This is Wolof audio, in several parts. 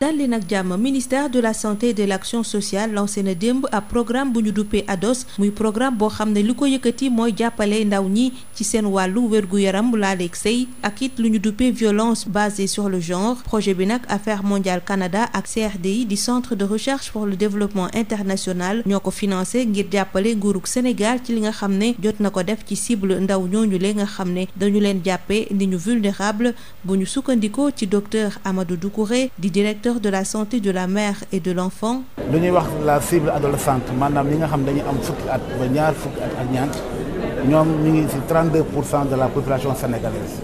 dal li nag jàmm ministère de la santé et de l'action sociale lancé na démb ab programme bu ñu duppee ADOS muy programme boo xam ne li ko yëkkati mooy jàppale ndaw ñi ci seen wàllu wér-gu-yaram laaleeg sëy ak it lu ñu duppee violence basée sur le genre projet bi nag Affaires mondiales Canada ak CRDI di centre de recherche pour le développement international ñoo ko financé ngir jàppale nguurug Sénégal ci li nga xam ne jot na ko def ci cible ndaw ñooñu le nga xam ne dañu Doucouré di directeur de la santé de la mère et de l'enfant lu ñuy wax la cible adolescente maanaam li nga xam dañu am fukki at ba ñaar fukki at ak ñaant ñoom ñu ngi ci pour cent de la population sénégalaise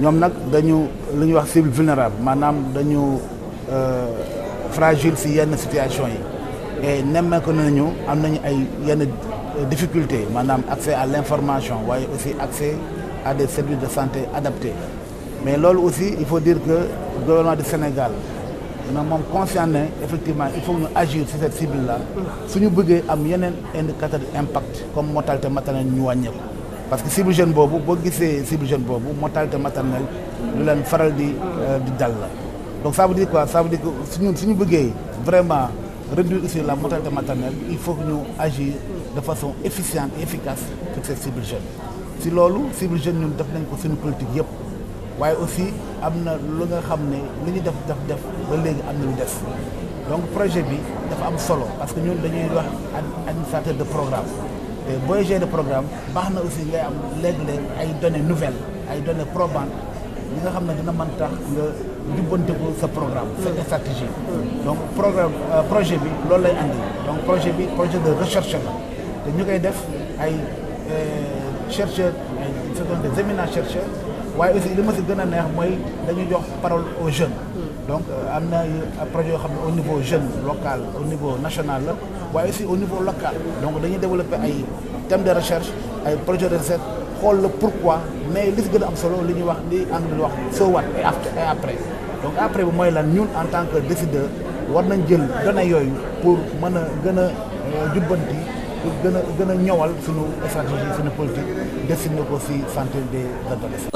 ñoom nag dañu lu ñuy wax cible vulnérable maanaam dañu euh, fragile ci yenn situation yi et nemmeeku nañu am nañu ay yenn difficulté maanaam accès à l'information waaye aussi accès à des services de santé adapté mais loolu aussi il faut dire que gouvernement du Sénégal na moom conscient ne effectivement il faut ñu agir si cette cible là suñu bëggee am yeneen indicateur impact comme mortalité maternelle ñu wàññeeku parce que cible jeune boobu boo gisee cible jeune boobu mortalité maternelle lu leen faral di euh, di dal la donc ça veut dire quoi ça veut dire que suñu suñu bëggee vraiment réduire aussi la mortalité maternelle il faut que ñu agir de façon efficiente et efficace sur si loolu cible jeune ñun def nañ ko suñu politique yëpp waaye aussi am na lu nga xam ne li ñu def def def ba léegi am na lu def donc projet bi dafa am solo parce que ñu dañuy wax administrateur de programme te booy de programme baax na aussi ngay am léeg-léeg ay données nouvelle ay données probantes li nga xam ne dina man tax nga jubbante ko sa programme sa stratégie donc programme euh, projet bi loolu lay andi donc projet bi projet de recherche te ñu koy def ay euh, chercheurs ay ce qu'on appelle waaye aussi li ma si gën a neex mooy dañu jox parole au jeunes. donc euh, am na projet yoo xam ne au niveau jeune local au niveau national la waaye aussi au niveau local donc dañuy développer ay thèmes de recherche ay projet de recherche xool la pourquoi mais li si gën a am solo li ñuy wax li anglais di wax so what et après donc après bi mooy lan ñun en tant que décideur war nañ jël données yooyu pour mën a gën a euh, jubbanti. pour gën a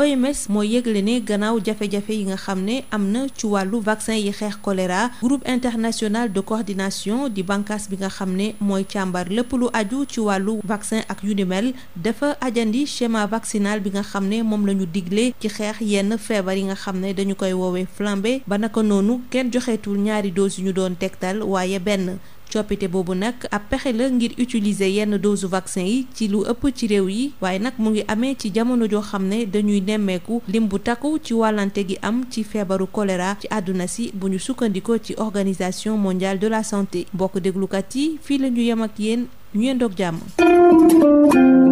gën mooy yëgle ne gannaaw jafe-jafe yi nga xam ne am na ci wàllu vaccin yi xeex choléra groupe internationale de coordination di bànqaas bi nga xam ne mooy càmbar lépp lu aju ci wàllu vaccin ak yu ni dafa ajandi schéma vaccinal bi nga xam ne moom la ñu digle ci xeex yenn feebar yi nga xam ne dañu koy woowe flambée ba naka noonu kenn joxeetul ñaari dose yu ñu doon tegtal waaye benn. coppite boobu nag ab pexe la ngir utiliser yenn dose vaccin yi ci lu ëpp ci réew yi waaye nag mu ngi amee ci jamono joo xam ne dañuy nemmeeku lim bu takku ci wàllante gi am ci feebaru choléra ci àdduna si bu ñu sukkandikoo ci organisation mondiale de la santé mbokk déglukat yi fii la ñu yem ak yéen ñu yendoog jàmm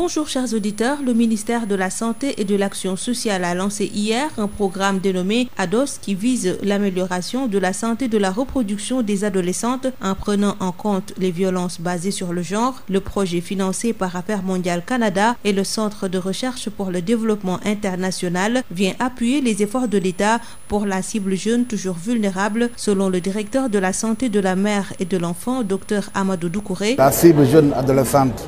Bonjour chers auditeurs, le ministère de la Santé et de l'Action sociale a lancé hier un programme dénommé ADOS qui vise l'amélioration de la santé de la reproduction en prenant en compte les violences basées sur le projet financé par Affaires mondiales Canada et le Centre de recherche pour le développement international vient appuyer les efforts de l'État la cible jeune toujours vulnérable, selon le directeur de la santé de la mère et de l'enfant, Dr Amadou Doucouré. La cible jeune adolescente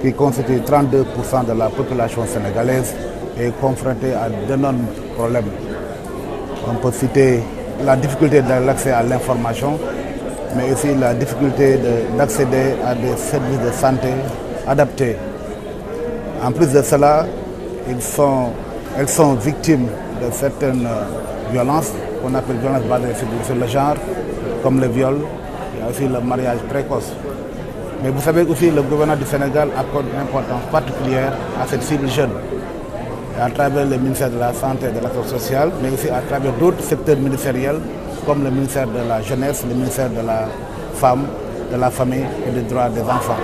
qui constitue 32 pour cent de la population sénégalaise, est confrontée à d'énormes problèmes. On peut citer la difficulté de l'accès à l'information, mais aussi la difficulté d'accéder de, à des services de santé adaptés. En plus de cela, ils sont, elles sont victimes de certaines euh, violences qu'on appelle violences basées sur, le genre, comme le viol, le mariage précoce. Mais vous savez aussi, le gouvernement du Sénégal accorde une importance particulière à cette à travers le ministère de la Santé et de l'Action sociale, mais aussi à travers d'autres secteurs ministère de la Jeunesse, le de la Femme, de la Famille et des Droits des Enfants.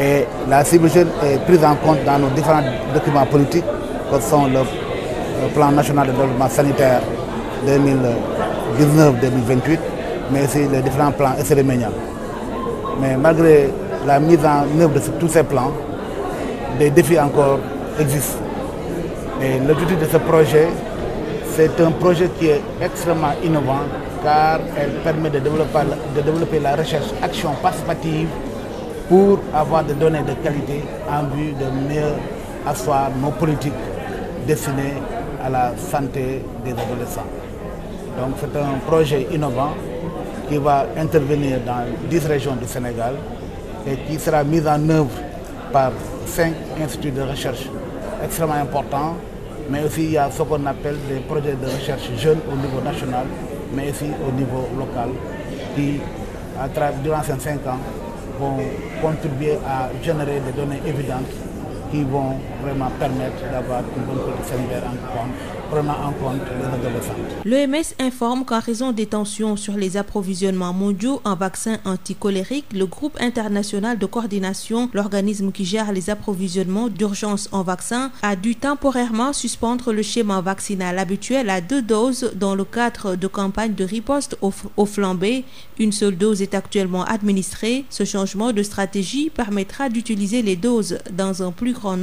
Et la cible jeune est prise en compte dans nos différents documents politiques, que sont le plan national de développement sanitaire 2019-2028, mais aussi les différents plans SRMENIA. E Mais malgré la mise en œuvre de tous ces plans, des défis encore existent. Et l'objectif de ce projet, c'est un projet qui est extrêmement innovant car elle permet de développer, de développer la recherche action participative pour avoir des données de qualité en vue de mieux asseoir nos politiques destinées à la santé des adolescents. Donc c'est un projet innovant qui va intervenir dans dix régions du Sénégal et qui sera mise en œuvre par cinq instituts de recherche extrêmement importants, mais aussi il y a ce qu'on appelle des projets de recherche jeunes au niveau national, mais aussi au niveau local, qui, à travers, durant ces cinq ans, vont contribuer à générer des données évidentes qui vont vraiment permettre d'avoir une bonne politique sanitaire en compte, prenant en compte les adolescents. L'OMS informe qu'en raison des tensions sur les approvisionnements mondiaux en vaccins anticolériques, le groupe international de coordination, l'organisme qui gère les approvisionnements d'urgence en vaccins, a dû temporairement suspendre le schéma vaccinal habituel à deux doses dans le cadre de campagnes de riposte au, au flambé. Une seule dose est actuellement administrée. Ce changement de stratégie permettra d'utiliser les doses dans un plus grand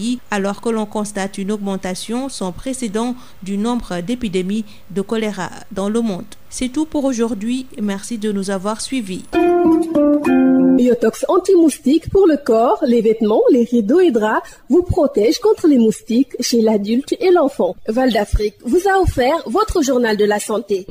pays alors que l'on constate une augmentation sans précédent du nombre d'épidémies de choléra dans le monde. C'est tout pour aujourd'hui. Merci de nous avoir suivis. Biotox anti pour le corps, les vêtements, les rideaux et draps vous protège contre les moustiques chez l'adulte et l'enfant. Val d'Afrique vous a offert votre journal de la santé.